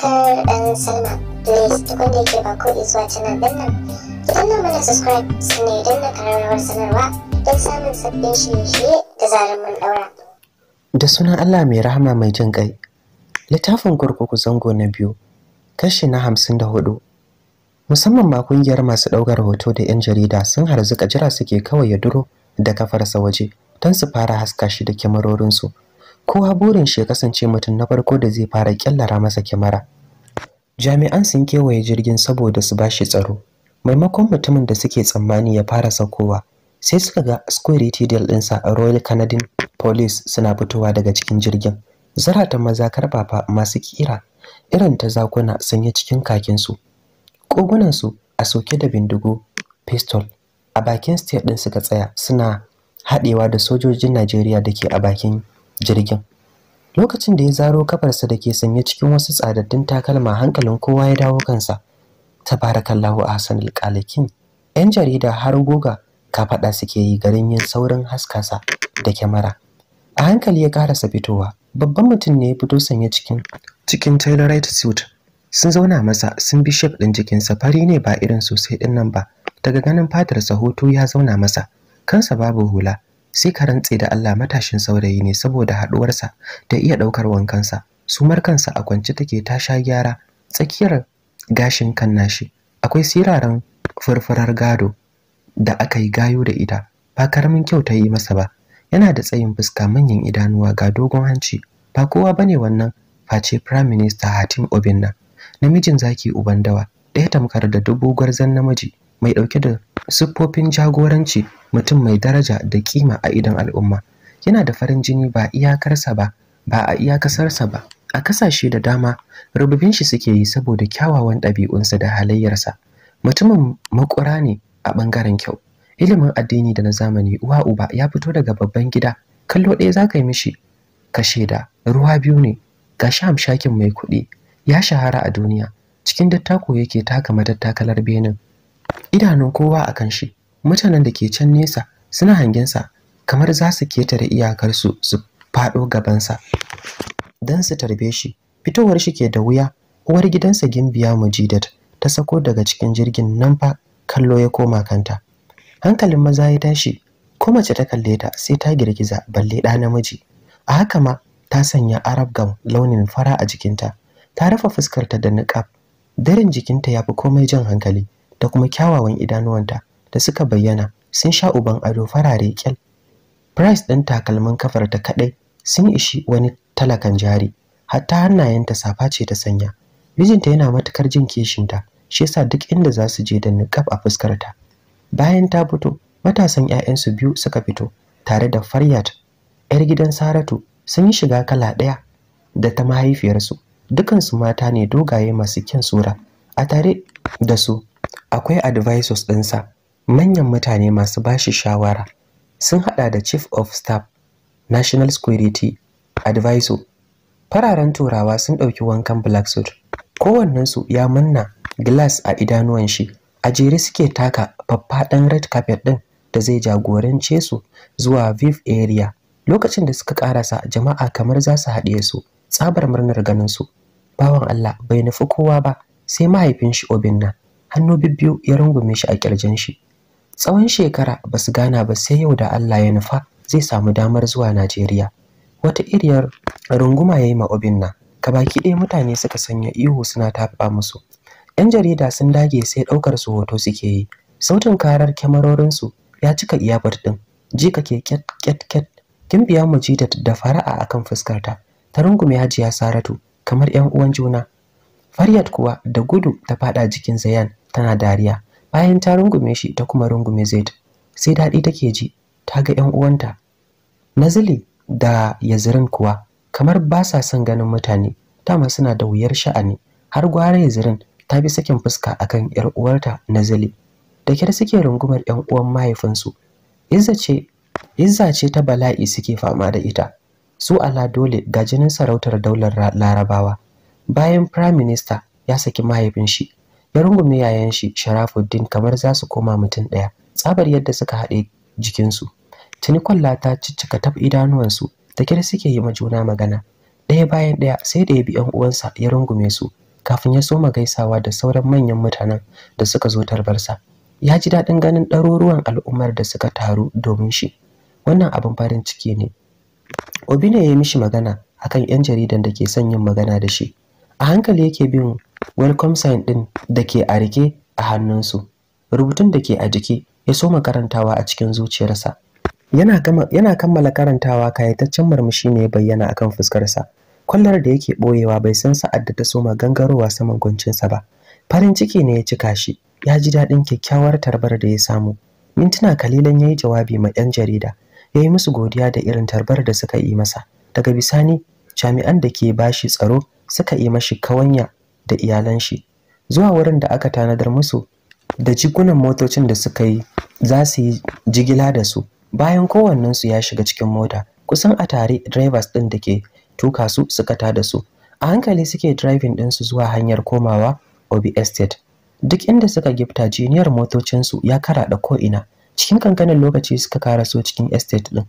subscribe and sign up. Please da ba ko subscribe sanarwa don samun da sunan Allah mai rahama mai jin ƙai, Littafin kurkuku zango na biyu, kashi na hamsin da hudu. Musamman ma kungiyar masu ɗaukar hoto da 'yan jarida sun harzuka jira suke kawai ya duro da kafarsa waje don su fara haska shi da kyamarorinsu. kowa burin shi ya kasance mutum na farko da zai fara kyallara masa kyamara jami'an sun kewaye jirgin saboda su ba shi tsaro maimakon mutumin da suke tsammani ya fara saukowa sai suka ga security deal ɗinsa a royal canadian police suna fitowa daga cikin jirgin zaratan maza karfafa masu kira irin ta zakuna sanye cikin kakinsu su a soke da bindigo pistol a bakin state ɗin suka tsaya suna haɗewa da sojojin najeriya da ke a bakin jirgin lokacin da ya zaro kafarsa da ke sanye cikin wasu tsadaddun takalma hankalin kowa ya dawo kansa ta fara tabarakallahu ahsanul qalikin yan jarida har goga ka kafaɗa suke yi garin yin saurin haskasa da kyamara a hankali ya karasa fitowa babban mutum ne ya fito sanye cikin cikin tailorite suit sun zauna masa sun bi shape ɗin jikinsa fari ne ba irin sosai ɗin nan ba daga ganin sa hoto ya zauna masa kansa babu hula sai ka rantse da Allah matashin saurayi ne saboda haduwarsa da iya daukar wankansa su markansa a kwance take ta sha gyara tsakiyar gashin kan nashi akwai siraran furfurar gado da aka yi gayo da ita ba karamin kyau ta yi masa ba yana da tsayin fuska manyan idanuwa ga dogon hanci ba kowa bane wannan face prime minister Hatim Obinna namijin zaki uban dawa ɗaya tamkar da dubu gwarzan namiji mai ɗauke da siffofin jagoranci mutum mai daraja da kima a idon al'umma yana da farin jini ba iyakarsa ba ba a iyakarsa ba a kasashe da dama rububin shi suke yi saboda kyawawan ɗabi'unsa da halayyarsa mutumin makura ne a ɓangaren kyau ilimin addini da na zamani uwa uba ya fito daga babban gida kallo ɗaya za ka yi mishi ka shaida ruwa biyu ne ga sham shakin mai kuɗi ya shahara a duniya cikin dattako yake taka madattakalar benin idanun kowa a kan shi mutanen da ke can nesa suna hangensa kamar za su ketare iyakarsu su faɗo gabansa don su tarbe shi fitowar shi ke da wuya uwar gidansa gimbiya mujidat ta sako daga cikin jirgin nan fa kallo ya koma kanta hankalin maza ya tashi ko mace ta kalle ta sai ta girgiza balle ɗa namiji a haka ma ta sanya arab gam launin fara a jikinta ta rufe fuskarta da niqab daren jikinta ya fi komai jan hankali da kuma kyawawan idanuwanta da suka bayyana sun sha uban ado farare kyal price ɗin takalmin kafarta kaɗai sun ishi wani talakan jari hatta hannayenta safa ce ta sanya mijinta yana matukar jin kishinta shi yasa duk inda za su je da nikaf a fuskarta bayan ta fito matasan 'ya'yansu biyu suka fito tare da Faryat yar gidan Saratu sun yi shiga kala ɗaya da ta mahaifiyarsu dukansu mata ne dogaye masu kyan sura a tare da su akwai advisors ɗinsa manyan mutane masu bashi shawara sun hada da chief of staff national security advisor fararen turawa sun ɗauki wankan black suit kowannensu ya manna glass a idanuwan shi a jere suke taka faffaɗan red carpet ɗin da zai jagorance su zuwa viv area lokacin da suka karasa jama'a kamar za su haɗe su tsabar murnar ganin su bawan allah bai nufi kowa ba sai mahaifin shi obinna hannu bibbiyu ya rungume shi a kirjin shi tsawon shekara ba su gana ba sai yau da Allah ya nufa zai samu damar zuwa Najeriya wata iriyar runguma ya yi ma Obinna baki ɗaya mutane suka sanya ihu suna tafa musu yan jarida sun dage sai ɗaukar su hoto suke yi sautin karar kyamarorinsu ya cika iyabar ɗin ji kake ket ket ket mu mujidat da fara'a akan fuskarta ta rungume hajiya saratu kamar yan uwan juna faryat kuwa da gudu ta fada jikin zayan tana dariya bayan ta rungume shi ta kuma rungume Zaid sai daɗi take ji ta ga 'yan uwanta Nazili da yazrin kuwa kamar ba sa son ganin mutane dama suna da wuyar sha'ani har gwara Yazirin ta bi sakin fuska akan 'yar uwarta Nazili da kyar suke rungumar 'yan uwan mahaifinsu Izza ce Izza ce ta bala'i suke fama da ita su ala dole ga jinin sarautar daular Larabawa bayan prime minister ya saki mahaifin shi ya rungume yayan shi Sharafuddin kamar za su koma mutum ɗaya tsabar yadda suka haɗe jikinsu tuni kwalla ta ciccika tab idanuwansu Ta kira suke yi ma juna magana ɗaya bayan ɗaya sai da ya bi uwansa ya rungume su kafin ya soma gaisawa da sauran manyan mutanen da suka zo tarbarsa ya ji daɗin ganin ɗaruruwan al'ummar da suka taru domin shi wannan abin farin ciki ne Obi ne ya yi mishi magana akan 'yan jaridan da ke son yin magana da shi a hankali yake bin welcome sign ɗin da ke a rike a hannunsu rubutun da ke a jiki ya soma karantawa a cikin zuciyarsa yana kammala karantawa kayataccen murmushi ne ya bayyana akan fuskarsa kwallar da yake boyewa bai san sa'ad da ta soma gangarowa saman gwancinsa ba farin ciki ne ya cika shi ya ji daɗin kyakkyawar tarbar da ya samu mintuna kalilan ya yi jawabi ma 'yan jarida ya yi musu godiya da irin tarbar da suka yi masa daga bisani jami'an da ke bashi tsaro suka yi mashi kawanya da iyalan shi zuwa wurin da aka tanadar musu da jigunan motocin da suka yi za su yi jigila da su bayan kowannensu ya shiga cikin mota kusan a tare drivers din da ke tuka su suka ta da su a hankali suke driving su zuwa hanyar komawa obi estate duk inda suka gifta jiniyar motocinsu ya karaɗa ko'ina cikin kankanin lokaci suka karaso cikin estate ɗin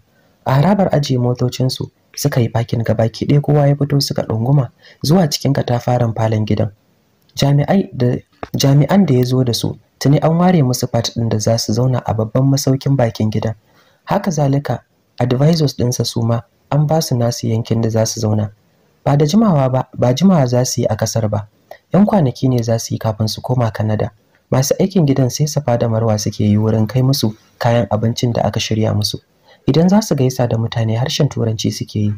a harabar ajiye motocinsu suka yi fakin baki ɗaya kowa ya fito suka ɗunguma zuwa cikin katafaren falon gidan jami'an da ya zo da su tuni an ware musu fat ɗin da za su zauna a babban masaukin bakin gidan haka zalika advisors ɗinsa su ma an ba su nasu yankin da za su zauna ba da jimawa ba ba jimawa za su yi a ƙasar ba yan kwanaki ne za su yi kafin su koma kanada masu aikin gidan sai safa da marwa suke yi wurin kai musu kayan abincin da aka shirya musu idan za su gaisa da mutane harshen turanci suke yi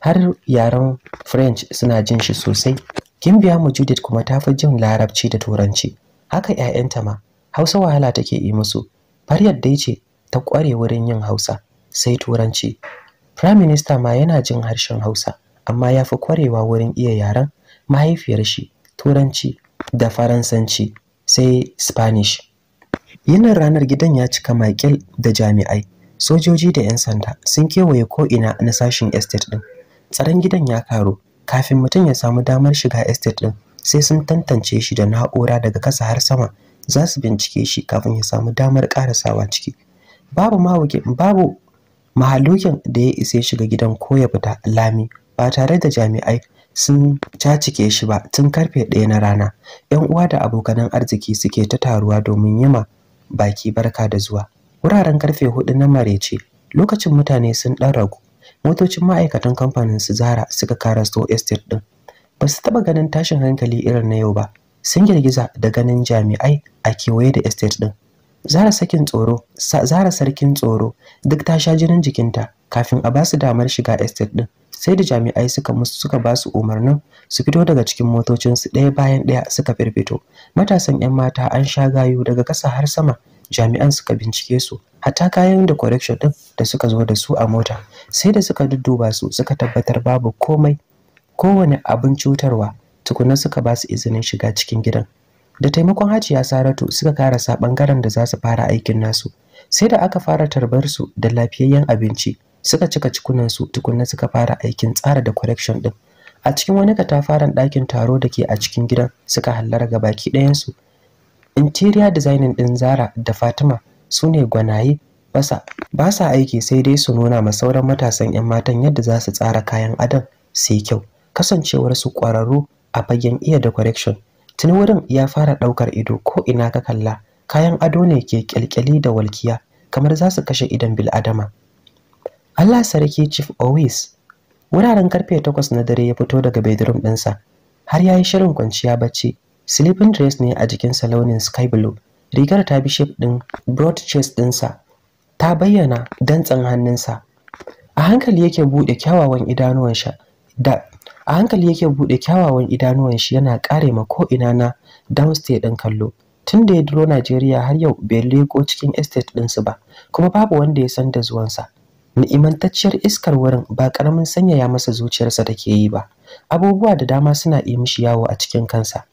har yaren french suna jin shi sosai gimbiya mu judith kuma ta fi jin larabci da turanci haka 'ya'yanta ma hausa wahala take yi musu faryar dai ce ta kware wurin yin hausa sai turanci prime minister ma yana jin harshen hausa amma ya fi ƙwarewa wurin iya yaren mahaifiyar shi turanci da faransanci sai spanish yinin ranar gidan ya cika makil da jami'ai sojoji da 'yan sanda sun kewaye ko'ina na sashin estate ɗin tsaron gidan ya karu kafin mutum ya samu damar shiga estate ɗin sai sun tantance shi da na'ura daga kasa har sama za su bincike shi kafin ya samu damar karasawa ciki babu babu mahalukin da ya isa shiga gidan ko ya fita lami ba tare da jami'ai sun cacike shi ba tun karfe ɗaya na rana yan uwa da abokanan arziki suke ta taruwa domin yima baki barka da zuwa Wuraren karfe hudu na marece lokacin mutane sun ɗan ragu. Motocin ma'aikatan kamfanin su Zara suka karasto estate ɗin. Ba su taɓa ganin tashin hankali irin na yau ba. Sun girgiza da ganin jami'ai a kewaye da estate ɗin. Zara sakin tsoro, Zara sarkin tsoro duk ta sha jinin jikinta kafin a ba su damar shiga estate ɗin. Sai da jami'ai suka musu suka ba su umarnin su fito daga cikin motocinsu ɗaya bayan ɗaya suka firfito. Matasan 'yan mata an sha gayu daga ƙasa har sama jami'an suka bincike su hatta kayan da correction din da suka zo da su a mota sai da suka dudduba su suka tabbatar babu komai kowane abin cutarwa tukuna suka ba su izinin shiga cikin gidan da taimakon hajiya saratu suka sa bangaren da za su fara aikin nasu sai da aka fara tarbar su da lafiyayyen abinci suka cika cikunan su tukunna suka fara aikin tsara da correction din a cikin wani katafaren ɗakin taro da ke a cikin gidan suka hallara ga baki ɗayansu interior designing ɗin Zara da Fatima su ne gwanaye basa ba sa aiki sai dai su nuna ma sauran matasan 'yan matan yadda za su tsara kayan adon, su kyau kasancewar su ƙwararru a fagen iya da decoration tuni wurin ya fara ɗaukar ido ko ina ka kalla kayan ado ne ke kyalkyali da walkiya kamar za su kashe idan adama. Allah sarki Chief Owis wuraren karfe takwas na dare ya fito daga bedroom ɗinsa har ya yi shirin kwanciya bacci sleeping dress ne a jikin launin sky blue rigar ta bi shape ɗin broad chest ɗinsa ta bayyana dantsan hannunsa a hankali yake buɗe kyawawan idanuwan shi da a hankali yake buɗe kyawawan idanuwan shi yana kare ma ko ina na downstate ɗin kallo Tunda ya duro Najeriya har yau bai leko cikin estate ɗinsu ba kuma babu wanda ya san da zuwansa ni'imantacciyar iskar wurin ba ƙaramin sanyaya masa zuciyarsa take yi ba abubuwa da dama suna yi mishi yawo a cikin kansa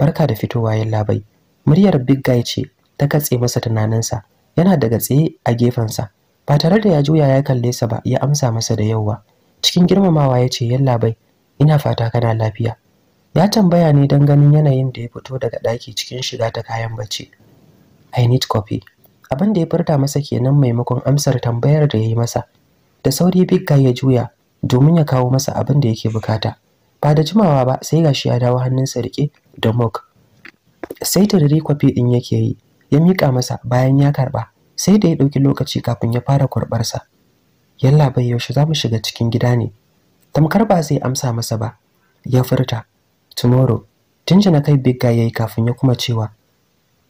barka da fitowa yallaɓai muryar big guy ce ta katse masa tunaninsa yana daga tsaye a gefensa ba tare da ya juya ya kalle sa ba ya amsa masa da yawa cikin girmamawa ya ce yallaɓai ina fata kana lafiya ya tambaya ne don ganin yanayin da ya fito daga ɗaki cikin shiga ta kayan bacci i need copy abin da ya furta masa kenan maimakon amsar tambayar da ya yi masa da sauri big guy ya juya domin ya kawo masa abin da yake bukata ba da jimawa ba sai gashi ya dawo hannunsa rike da mug sai tururi kwafi din yake yi ya miƙa masa bayan ya karɓa, sai da ya ɗauki lokaci kafin ya fara kurbarsa yalla bai yaushe za mu shiga cikin gida ne tamkar ba zai amsa masa ba ya furta tomorrow Tun na kai big guy yayi kafin ya kuma cewa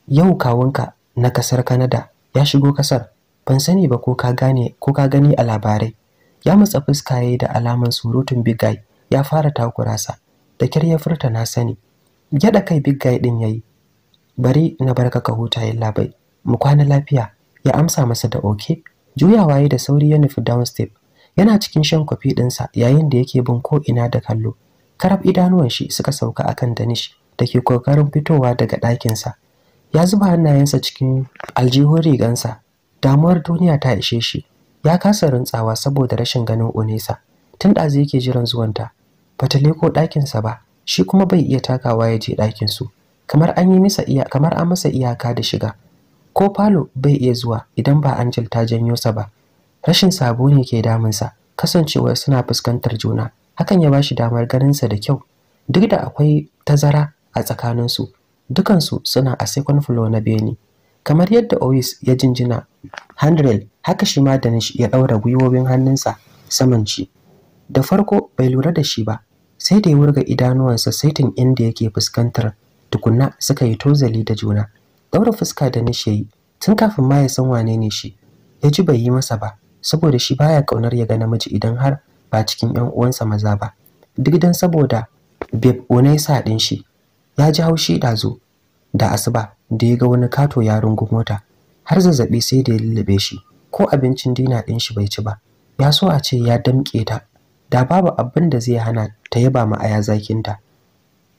yau kawunka na kasar Canada ya shigo kasar ban sani ba ko ka gane ko ka gani a labarai ya mutsa fuska da alaman surutun big guy ya fara takurasa. sa da kyar ya furta na sani Gyada kai big guy ɗin yayi Bari na barka ka huta yalla labai. Mu kwana lafiya. Ya amsa masa da oke. Juyawa ya da sauri ya nufi down step. Yana cikin shan kwafi ɗinsa yayin da yake bin ko ina da kallo. Karab idanuwan shi suka sauka akan Danish da ke kokarin fitowa daga ɗakinsa. Ya zuba hannayensa cikin aljihun rigansa. Damuwar duniya ta ishe shi. Ya kasa rintsawa saboda rashin ganin Onesa. Tun ɗazu yake jiran zuwanta. Bata leko ɗakinsa ba. shi kuma bai iya takawa ya je ɗakin su kamar an yi masa iya kamar an masa iyaka da shiga ko falo bai iya zuwa idan ba Angel ta janyo sa ba rashin sabo ne ke damunsa kasancewar suna fuskantar juna hakan ya bashi damar ganinsa da kyau duk da akwai tazara a tsakaninsu dukansu suna a second floor na beni kamar yadda ois ya jinjina handrail haka shi ma Danish ya ɗaura gwiwowin hannunsa saman ci da farko bai lura da shi ba sai da ya wurga idanuwansa saitin inda yake fuskantar tukunna suka yi tozali da juna daura fuska da nishi yayi tun kafin ma ya san wane ne shi ya ji bai yi masa ba saboda shi baya kaunar ya ga namiji idan har ba cikin yan uwansa maza ba duk dan saboda beb onai sa din shi ya ji haushi dazo da asuba da ya ga wani kato ya rungu mota har zazzabi sai da ya lullube shi ko abincin dina din shi bai ci ba ya so a ce ya damƙe ta da babu abin da zai hana ta yaba ma aya zakinta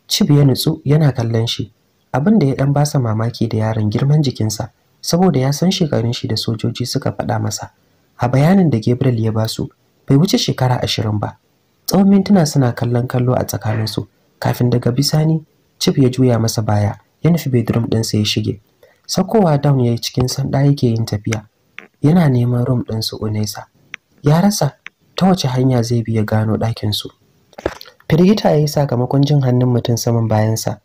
cib ya nutsu yana kallon shi abin da ya ɗan basa mamaki da yaron girman jikinsa saboda ya san shekarun shi da sojoji suka faɗa masa a bayanin da Gabriel ya basu bai wuce shekara ashirin ba tsawon mintuna suna kallon kallo a tsakaninsu kafin daga bisani cib ya juya masa baya ya nufi bedroom ɗinsa ya shige sakowa down ya yi cikin sanda yake yin tafiya yana neman room ɗin su Unesa ya rasa ta wace hanya zai bi ya gano ɗakinsu firgita ya yi sakamakon jin hannun mutum saman bayansa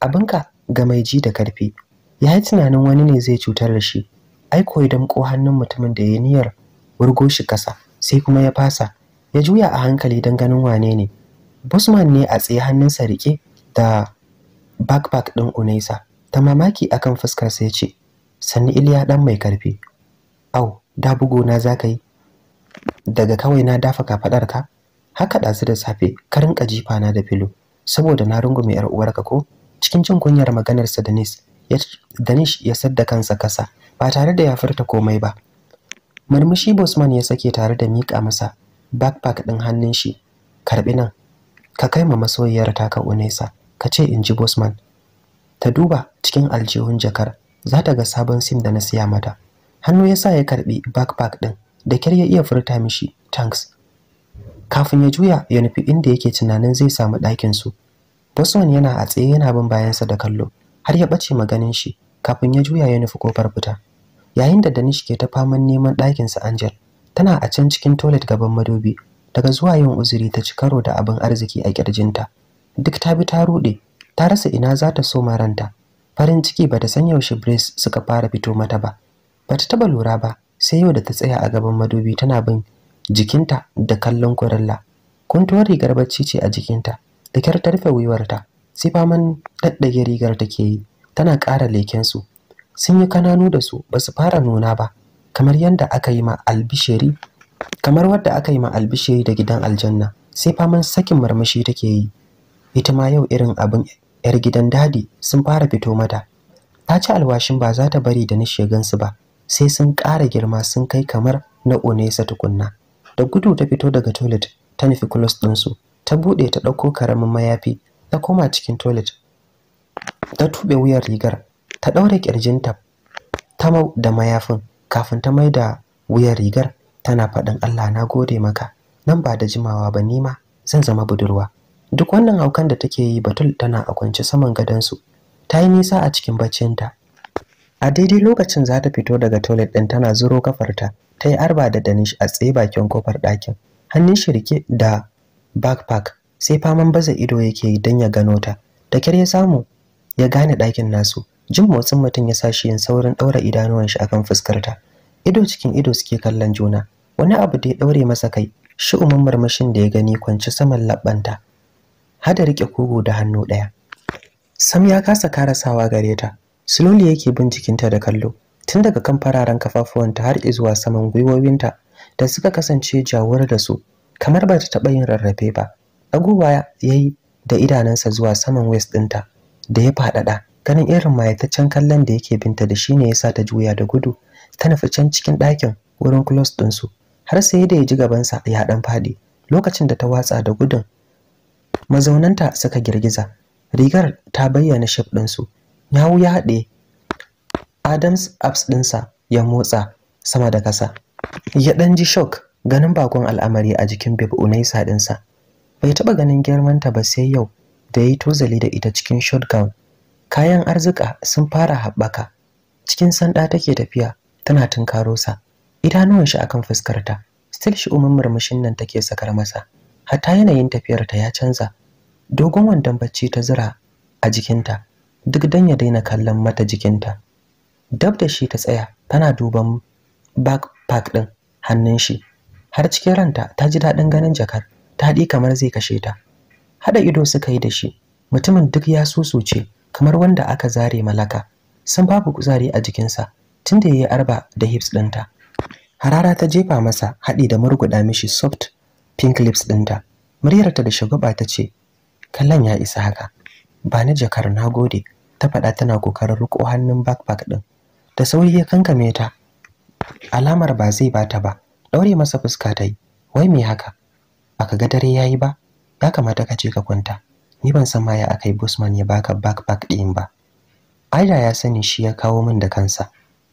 abinka ga mai ji da karfi ya yi tunanin wani ne zai cutar da shi ai koyi damƙo hannun mutumin da ya niyyar wurgo shi kasa sai kuma ya fasa ya juya a hankali don ganin wane ne busman ne a tsaye hannunsa riƙe da backpack ɗin Unaisa. Ta mamaki akan fuskarsa ya ce, Sannu Iliya ɗan mai karfi. Au, da bugona za ka yi, daga kawai na dafa kafadar ka haka ɗazu da safe ka rinka jifa na da filo saboda na rungume yar ka ko cikin jin kunyar maganar sa Danis Danish ya sadda kansa kasa ba tare da ya furta komai ba murmushi Bosman ya sake tare da mika masa backpack din hannun shi karbi nan ka kai ma masoyiyar ta taka Unesa ka ce in ji Bosman ta duba cikin aljihun jakar za ta ga sabon sim da na siya mata hannu ya sa ya karbi backpack din da kyar ya iya furta mishi tanks kafin ya juya ya nufi inda yake tunanin zai samu ɗakin su boson yana a tsaye yana bin bayansa da kallo har ya ɓace maganin shi kafin ya juya ya nufi kofar fita yayin da Danish ke ta faman neman ɗakin sa Angel tana a can cikin toilet gaban madobi daga zuwa yin uzuri ta ci karo da abin arziki a kirjinta duk ta bi ta rude ta rasa ina za ta so ma ranta. farin ciki bata san yaushe Brace suka fara fito mata ba bata taba lura ba sai yau da ta tsaya a gaban madubi tana bin jikinta da kallon kurilla kuntuwar rigar bacci ce a jikinta da kyar ta rufe gwiwarta sai faman daddage rigar ta ke yi tana ƙara leken su sun yi kananu da su ba su fara nuna ba kamar yadda aka yi ma albishiri kamar wadda aka yi ma albishiri da gidan aljanna sai faman sakin marmashi take yi ita ma yau irin abin yar gidan dadi sun fara fito mata ta ci alwashin ba za ta bari da su ba sai sun ƙara girma sun kai kamar na unesa tukunna da gudu ta fito daga toilet ta nufi kulos ɗinsu ta buɗe ta ɗauko karamin mayafi ta koma cikin toilet ta tuɓe wuyar rigar ta ɗaure ƙirjinta ta mau da mayafin kafin ta mai da wuyar rigar tana faɗin Allah na gode maka nan ba da jimawa ba nima zan zama budurwa duk wannan haukan da take yi batul tana a kwance saman gadansu ta yi nisa a cikin baccinta a daidai lokacin za ta fito daga toilet ɗin tana zuro kafarta ta yi arba da danish a tsaye bakin kofar ɗakin hannun shirke da backpack sai faman baza ido yake don ya gano ta da kyar ya samu ya gane ɗakin nasu jin motsin mutum ya sa shi yin saurin ɗaura idanuwan shi akan fuskarta ido cikin ido suke kallon juna wani abu da ya ɗaure masa kai shi umar marmashin da ya gani kwanci saman labbanta hada rike kogo da hannu ɗaya sam ya kasa karasawa gare ta Slowly yake bin ta da kallo, tun daga kan fararen kafafuwanta har zuwa saman gwiwowinta da suka kasance jawar da su, kamar ba ta taɓa yin rarrafe ba. Ɗagowa ya yi da idanunsa zuwa saman waist ɗinta da ya faɗaɗa, ganin irin mayataccen kallon da yake binta da shi ne ya sa ta juya da gudu, ta nufi can cikin ɗakin wurin close ɗinsu, har sai da ya ji gabansa ya ɗan faɗi lokacin da ta watsa da gudun. Mazaunanta suka girgiza, rigar ta bayyana shif ɗinsu, yawu ya haɗe adams aps ɗinsa ya motsa sama da kasa ya ɗan ji shock ganin bakon al'amari a jikin babe unaisa ɗinsa bai taɓa ganin girmanta ba sai yau da ya yi tozali da ita cikin shotgun kayan arzika sun fara haɓaka cikin sanda take tafiya tana tunkaro sa idanuwan shi akan fuskarta still shi umin murmushin nan take sakar masa hatta yanayin tafiyarta ya canza dogon wandon bacci ta zura a jikinta duk dan ya daina kallon mata jikinta dab da shi ta tsaya tana duban backpack din hannun shi har cikin ranta ta ji daɗin ganin jakar ta ɗi kamar zai kashe ta haɗa ido suka yi da shi mutumin duk ya susuce kamar wanda aka zare malaka Sun babu kuzari a jikinsa tunda ya yi arba da hips ɗinta harara ta jefa masa haɗi da murguɗa mishi soft pink lips ɗinta muryarta da shagwaba ta ce kallon ya isa haka ba ni jakar na gode ta faɗa tana kokarin riko hannun backpack ɗin da sauri ya kankame ta alamar ba zai bata ba ɗaure masa fuska ta yi wai me haka baka ga dare yayi ba ya kamata ka ce ka kwanta ni ban san ma ya akai busman ya baka backpack ɗin ba aida ya sani shi ya kawo min da kansa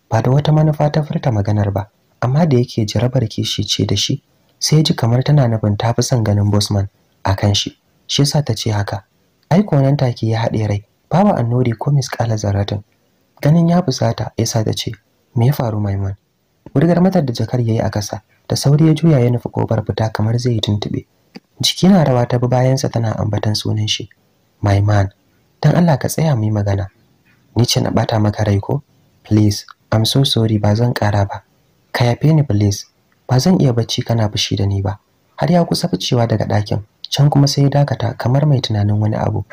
ba da wata manufa ta furta maganar ba amma da yake jarabar kishi ce da shi sai ji kamar tana nufin ta fi son ganin Bosman a kan shi shi yasa ta ce haka aiko nan take ya haɗe rai babu annori ko miskala zaratin ganin ya fusata yasa ta ce me ya faru maiman burgar matar da jakar yayi a kasa da sauri ya juya ya nufi kofar fita kamar zai yi tuntube jiki na rawa ta bi bayansa tana ambatan sunan shi maiman dan Allah ka tsaya mu magana ni ce na bata maka rai ko please i'm so sorry ba zan kara ba ka yafe ni please ba zan iya bacci kana fushi da ni ba har ya kusa ficewa daga dakin. can kuma sai dakata kamar mai tunanin wani abu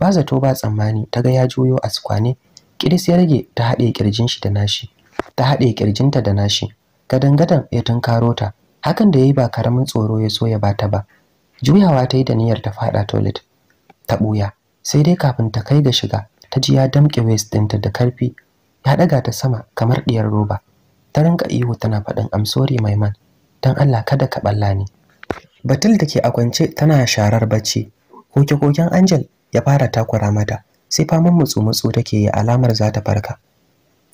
ba zato ba tsammani ta ga ya juyo a sukwane kiris ya rage ta haɗe kirjin shi da nashi ta haɗe kirjinta da nashi gadangadan ya tunkaro ta hakan da yayi ba karamin tsoro ya so ya bata ba juyawa ta yi da niyyar ta faɗa toilet ta ɓuya sai dai kafin ta kai ga shiga ta ji ya damƙe waist ɗinta da karfi ya ɗaga ta sama kamar ɗiyar roba ta rinka ihu tana faɗin amsori sorry Maiman Don Allah kada ka ɓalla ni batul da ke a kwance tana sharar bacci koke-koken angel ya fara takura mata sai faman mutsu-mutsu take yi alamar za ta farka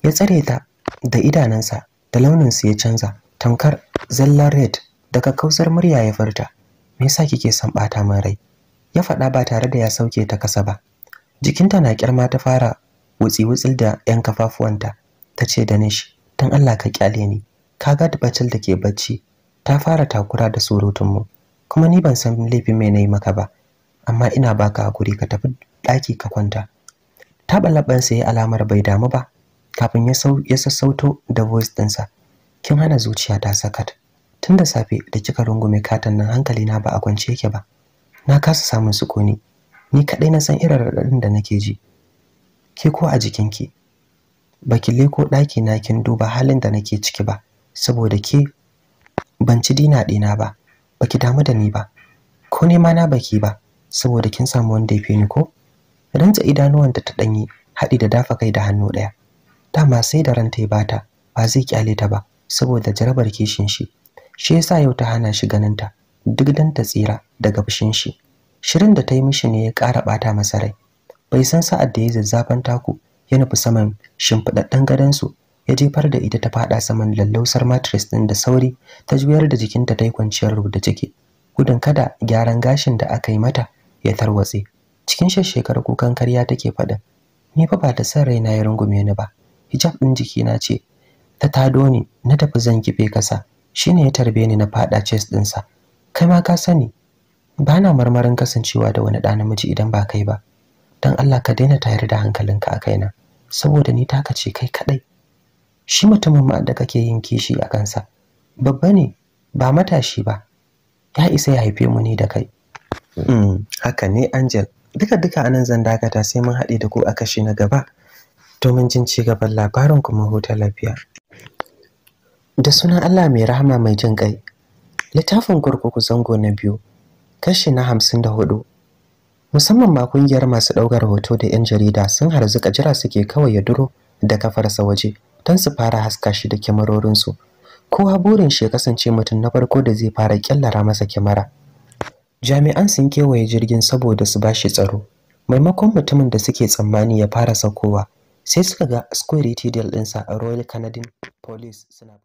ya tsare ta da idanunsa da launinsa ya canza Tankar zallar red daga kausar murya ya furta me yasa kike son bata min rai ya faɗa ba tare da ya sauke ta kasa ba jikinta na kirma ta fara wutsi-wutsil da 'yan kafafuwanta ta ce da nishi don allah ka kyale ni ka ga batul da ke bacci ta fara takura da mu. kuma ni ban san laifin mai nayi maka ba amma ina baka hakuri ka tafi ɗaki ka kwanta taɓa sa ya alamar bai damu ba kafin ya sassauto da voice ɗinsa kin hana zuciya ta sakat tun da safe da kika rungume katan nan hankali na ba a kwance yake ba na kasa samun sukuni ni kadai na san irin raɗaɗin da nake ji ke ko a jikin jikinki baki leko ɗaki na kin duba halin da nake ciki ba saboda ke ban ci dina ɗina ba baki damu da ni ba ko ne ma na baki ba saboda kin samu wanda ya ni ko rantsa idanuwanta ta danyi haɗi da dafa kai da hannu ɗaya dama sai da ranta ya bata ba zai kyale ta ba saboda jarabar kishin shi shi yasa yau ta hana shi ganin ta duk dan ta tsira daga bishin shi shirin da ta yi mishi ne ya ƙara ɓata masa rai bai san sa'ad da ya zazzafan taku ya nufi saman shimfiɗaɗɗen gadonsu ya jefar da ita ta fada saman lallausar mattress din da sauri ta juyar da jikinta ta yi kwanciyar da ciki gudun kada gyaran gashin da aka yi mata ya tarwatse cikin shekar kukan karya take faɗin ni fa ba ta san raina ya rungume ni ba hijab din na ce ta tado ni na tafi zan kife kasa shine ya tarbe ni na fada chest ɗinsa. kai ma ka sani ba na marmarin kasancewa da wani ɗa namiji idan ba kai ba dan Allah ka daina tayar da hankalinka a kaina saboda ni taka ce kai kadai shi mutumin ma da kake yin kishi a kansa babba ne ba matashi ba ya isa ya haife mu ne da kai hmm. haka ne angel duka duka anan zan dakata sai mun haɗe da ku a kashi na gaba domin jin ci gaban labarin kuma huta lafiya da sunan allah mai rahama mai jin kai littafin kurkuku zango na biyu kashi na hamsin da hudu musamman ma kungiyar masu ɗaukar hoto da 'yan jarida sun harzuka jira suke kawai ya duro da kafarsa waje don su fara haska shi da kyamarorinsu kowa burin shi ya kasance mutum na farko da zai fara kyallara masa kyamara jami'an sun kewaye jirgin saboda su bashi tsaro maimakon mutumin da suke tsammani ya fara saukowa sai suka ga security deal ɗinsa a royal canadian police suna